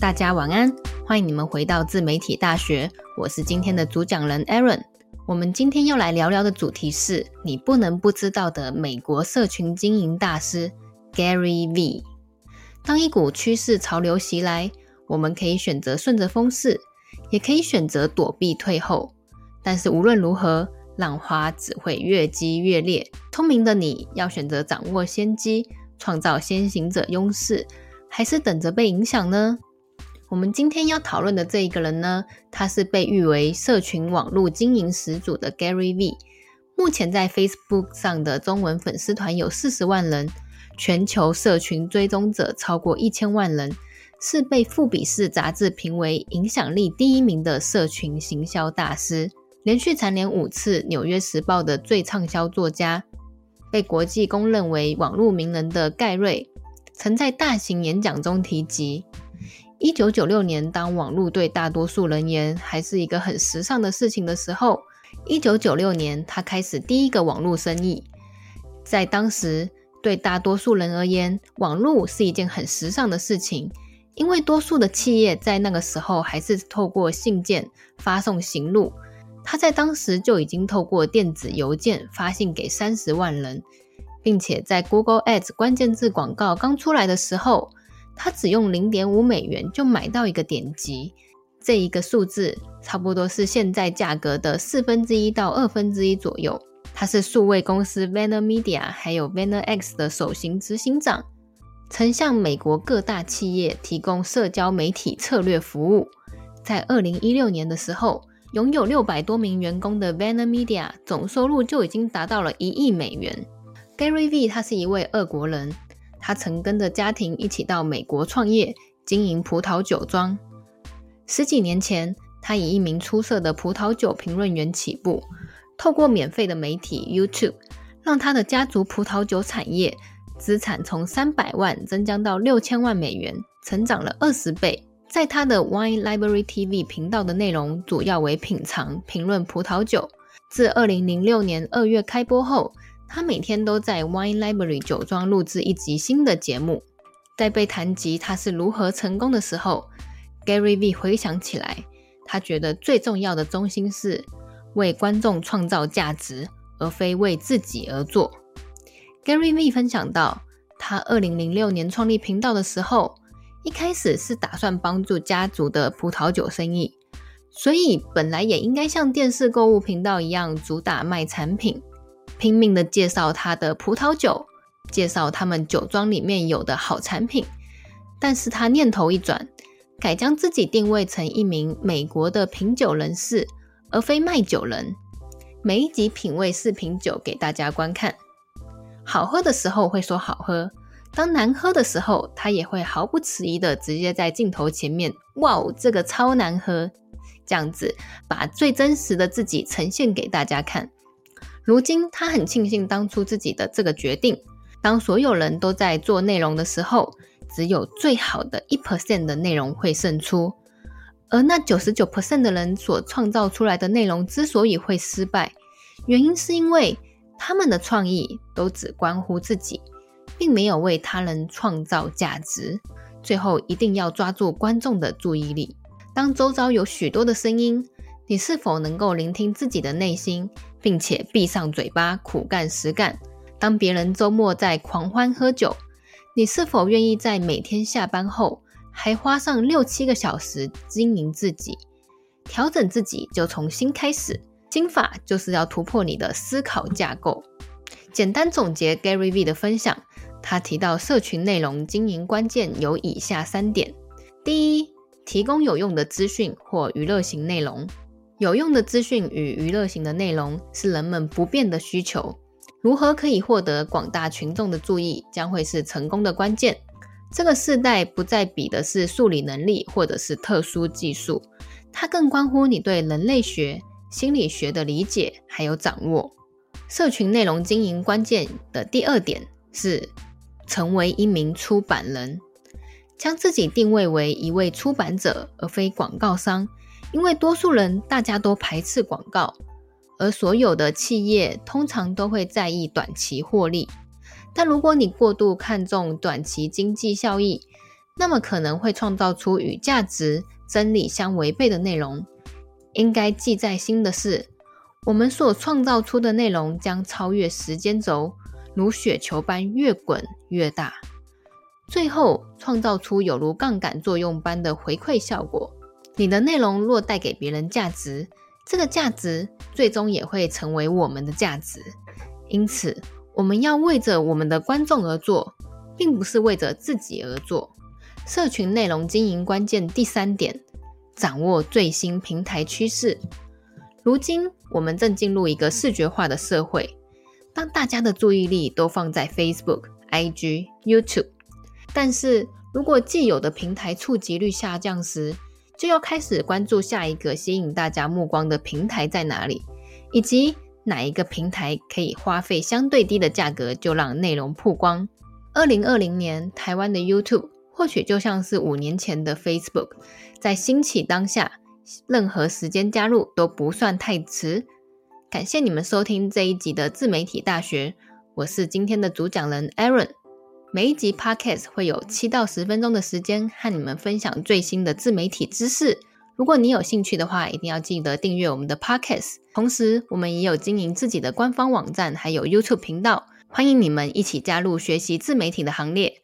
大家晚安，歡迎你們回到自媒體大學。我是今天的主講人 Aaron。我們今天要來聊聊的主題是你不能不知道的美國社群經營大師 Gary Vee。當一股趨勢潮流襲來，我們可以選擇順着風勢，也可以選擇躲避退後。但是無論如何，浪花只會越積越烈。聰明的你，要選擇掌握先機，創造先行者優勢，還是等着被影響呢？我們今天要討論的這一個人呢，他是被譽為社群網絡經營始祖的 Gary Vee。目前在 Facebook 上的中文粉絲團有四十萬人，全球社群追蹤者超過一千萬人，是被《富比士》雜誌評為影響力第一名的社群行銷大師，連續蟬聯五次《紐約時報》的最暢銷作家，被國際公認為網絡名人的蓋瑞，曾在大型演講中提及。一九九六年，當網絡對大多數人而言，還是一個很時尚的事情的時候，一九九六年，他開始第一個網絡生意。在當時，對大多數人而言，網絡是一件很時尚的事情，因為多數的企業在那個時候還是透過信件發送行錄。他在當時就已經透過電子郵件發信給三十萬人，並且在 Google Ads 關鍵字廣告剛出來的時候。他只用零點五美元就買到一個點擊，這一個數字差不多是現在價格的四分之一到二分之一左右。他是數位公司 VaynerMedia 還有 VaynerX 的首席執行長，曾向美國各大企業提供社交媒體策略服務。在二零一六年的時候，擁有六百多名員工的 VaynerMedia 總收入就已經達到了一億美元。Gary Vee 他是一位俄國人。他曾跟着家庭一起到美國創業，經營葡萄酒莊。十幾年前，他以一名出色的葡萄酒評論員起步，透過免費的媒體 YouTube，讓他的家族葡萄酒產業資產從三百萬增加到六千萬美元，成長了二十倍。在他的 Wine Library TV 頻道的內容，主要為品嘗、評論葡萄酒。自二零零六年二月開播後，他每天都在 Wine Library 酒莊錄製一集新的節目。在被談及他是如何成功的時候，Gary V 回想起來，他覺得最重要的中心是為觀眾創造價值，而非為自己而做。Gary V 分享到，他二零零六年創立頻道的時候，一開始是打算幫助家族的葡萄酒生意，所以本來也應該像電視購物頻道一樣，主打賣產品。拼命的介紹他的葡萄酒，介紹他們酒莊裡面有的好產品，但是他念頭一轉，改將自己定位成一名美國的品酒人士，而非賣酒人。每一集品味四瓶酒給大家觀看，好喝的時候會說好喝，當難喝的時候，他也會毫不遲疑的直接在鏡頭前面，哇哦，這個超難喝。這樣子把最真實的自己呈現給大家看。如今他很慶幸當初自己的這個決定。當所有人都在做內容的時候，只有最好的1%的內容會勝出，而那99%的人所創造出來的內容之所以會失敗，原因是因為他們的創意都只關乎自己，並沒有為他人創造價值。最後一定要抓住觀眾的注意力。當周遭有許多的聲音，你是否能夠聆聽自己的內心，並且閉上嘴巴苦幹實幹？當別人周末在狂歡喝酒，你是否願意在每天下班後還花上六七個小時經營自己、調整自己，就重新開始？心法就是要突破你的思考架構。簡單總結 Gary Vee 的分享，他提到社群內容經營關鍵有以下三點：第一，提供有用的資訊或娛樂型內容。有用的資訊與娛樂型的內容是人們不變的需求。如何可以獲得廣大群眾的注意，將會是成功的關鍵。這個世代不再比的是數理能力或者是特殊技術，它更關乎你對人類學、心理學的理解還有掌握。社群內容經營關鍵的第二點是，成為一名出版人，將自己定位為一位出版者而非廣告商。因為多數人大家都排斥廣告，而所有的企業通常都會在意短期獲利。但如果你過度看重短期經濟效益，那麼可能會創造出與價值真理相違背的內容。應該記在心的是，我們所創造出的內容將超越時間軸，如雪球般越滾越大，最後創造出有如槓桿作用般的回饋效果。你的內容若帶給別人價值，這個價值最終也會成為我們的價值。因此，我們要為着我們的觀眾而做，並不是為着自己而做。社群內容經營關鍵第三點，掌握最新平台趨勢。如今，我們正進入一個視覺化的社會，當大家的注意力都放在 Facebook、IG、YouTube，但是如果既有的平台觸及率下降時，就要開始關注下一個吸引大家目光的平台在哪裡，以及哪一個平台可以花費相對低的價格就讓內容曝光。二零二零年台灣的 YouTube，或許就像是五年前的 Facebook，在興起當下，任何時間加入都不算太遲。感謝你們收聽這一集的自媒體大學，我是今天的主講人 Aaron。每一集 podcast 會有七到十分鐘的時間和你們分享最新的自媒體知識。如果你有興趣的話，一定要記得訂閱我們的 podcast。同時，我們也有經營自己的官方網站，還有 YouTube 頻道，歡迎你們一起加入學習自媒體的行列。